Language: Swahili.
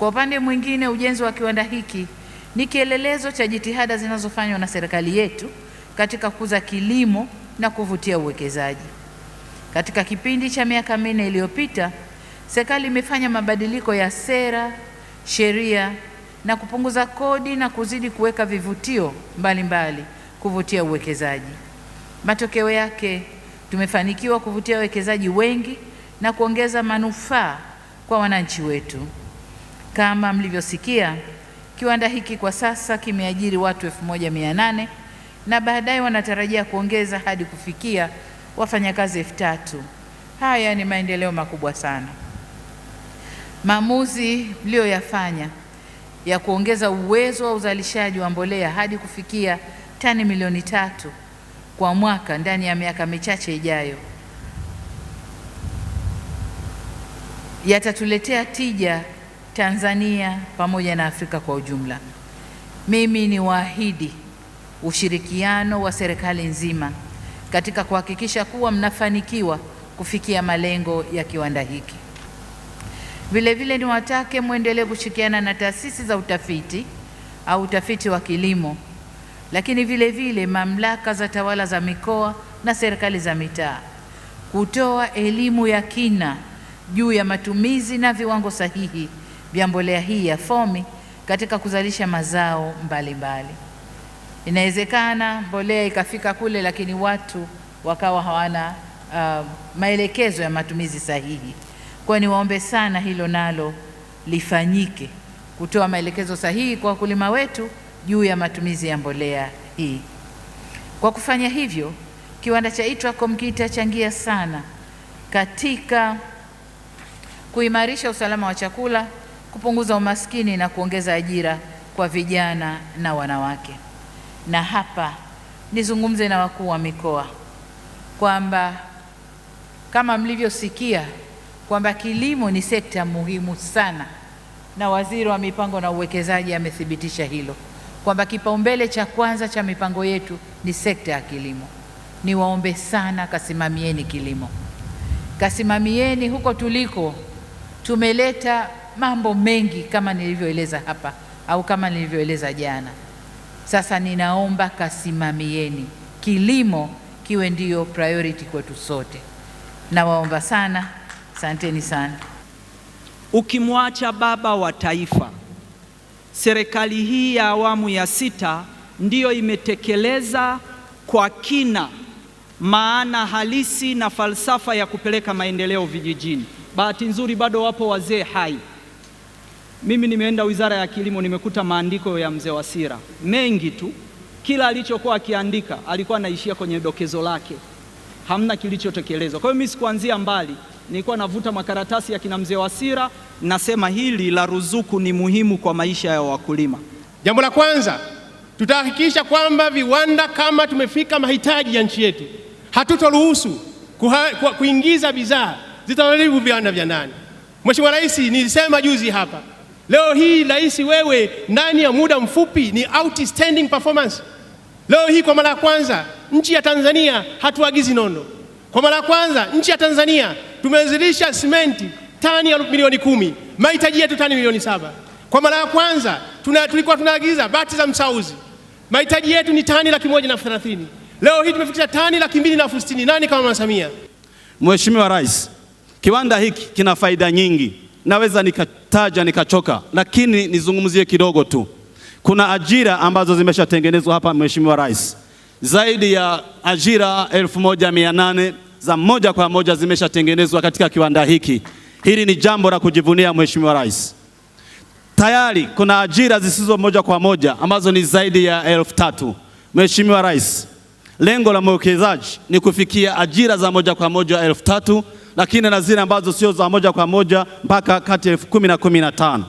Kwa upande mwingine, ujenzi wa kiwanda hiki ni kielelezo cha jitihada zinazofanywa na serikali yetu katika kukuza kilimo na kuvutia uwekezaji. Katika kipindi cha miaka minne iliyopita, serikali imefanya mabadiliko ya sera, sheria na kupunguza kodi na kuzidi kuweka vivutio mbalimbali mbali kuvutia uwekezaji. Matokeo yake, tumefanikiwa kuvutia wawekezaji wengi na kuongeza manufaa kwa wananchi wetu. Kama mlivyosikia, kiwanda hiki kwa sasa kimeajiri watu 1800 na baadaye wanatarajia kuongeza hadi kufikia wafanyakazi elfu Haya ni maendeleo makubwa sana. Maamuzi mliyoyafanya ya kuongeza uwezo wa uzalishaji wa mbolea hadi kufikia tani milioni tatu kwa mwaka ndani ya miaka michache ijayo yatatuletea tija Tanzania pamoja na Afrika kwa ujumla. Mimi ni waahidi ushirikiano wa serikali nzima katika kuhakikisha kuwa mnafanikiwa kufikia malengo ya kiwanda hiki. Vilevile niwatake mwendelee kushirikiana na taasisi za utafiti au utafiti wa kilimo, lakini vile vile mamlaka za tawala za mikoa na serikali za mitaa kutoa elimu ya kina juu ya matumizi na viwango sahihi vya mbolea hii ya FOMI katika kuzalisha mazao mbalimbali. Inawezekana mbolea ikafika kule, lakini watu wakawa hawana uh, maelekezo ya matumizi sahihi. Kwa niwaombe sana hilo nalo lifanyike, kutoa maelekezo sahihi kwa wakulima wetu juu ya matumizi ya mbolea hii. Kwa kufanya hivyo, kiwanda cha Itracom kitachangia sana katika kuimarisha usalama wa chakula kupunguza umaskini na kuongeza ajira kwa vijana na wanawake. Na hapa nizungumze na wakuu wa mikoa kwamba kama mlivyosikia kwamba kilimo ni sekta muhimu sana, na waziri wa mipango na uwekezaji amethibitisha hilo kwamba kipaumbele cha kwanza cha mipango yetu ni sekta ya kilimo. Niwaombe sana, kasimamieni kilimo, kasimamieni. Huko tuliko tumeleta mambo mengi kama nilivyoeleza hapa au kama nilivyoeleza jana. Sasa ninaomba kasimamieni, kilimo kiwe ndiyo priority kwetu sote. Nawaomba sana, asanteni sana. Ukimwacha baba wa taifa, serikali hii ya awamu ya sita ndiyo imetekeleza kwa kina maana halisi na falsafa ya kupeleka maendeleo vijijini. Bahati nzuri bado wapo wazee hai. Mimi nimeenda wizara ya kilimo, nimekuta maandiko ya mzee Wasira mengi tu. Kila alichokuwa akiandika alikuwa anaishia kwenye dokezo lake, hamna kilichotekelezwa. Kwa hiyo mimi sikuanzia mbali, nilikuwa navuta makaratasi ya kina mzee Wasira, nasema hili la ruzuku ni muhimu kwa maisha ya wakulima. Jambo la kwanza, tutahakikisha kwamba viwanda kama tumefika mahitaji ya nchi yetu, hatutoruhusu kuingiza bidhaa zitaharibu viwanda vya ndani. Mheshimiwa Rais, nilisema juzi hapa Leo hii rais, wewe ndani ya muda mfupi ni outstanding performance. Leo hii kwa mara ya kwanza nchi ya Tanzania hatuagizi nondo. Kwa mara ya kwanza nchi ya Tanzania tumezalisha simenti tani ya milioni kumi, mahitaji yetu tani milioni saba. Kwa mara ya kwanza tuna, tulikuwa tunaagiza bati za msauzi, mahitaji yetu ni tani laki moja na elfu thelathini. Leo hii tumefikisha tani laki mbili na elfu sitini. Nani kama Mama Samia? Mheshimiwa Rais, kiwanda hiki kina faida nyingi naweza nikataja nikachoka, lakini nizungumzie kidogo tu. Kuna ajira ambazo zimeshatengenezwa hapa, Mheshimiwa Rais, zaidi ya ajira elfu moja mia nane za moja kwa moja zimeshatengenezwa katika kiwanda hiki. Hili ni jambo la kujivunia Mheshimiwa Rais. Tayari kuna ajira zisizo moja kwa moja ambazo ni zaidi ya elfu tatu. Mheshimiwa Rais, lengo la mwekezaji ni kufikia ajira za moja kwa moja elfu tatu lakini na zile ambazo sio za moja kwa moja mpaka kati ya elfu kumi na kumi na tano.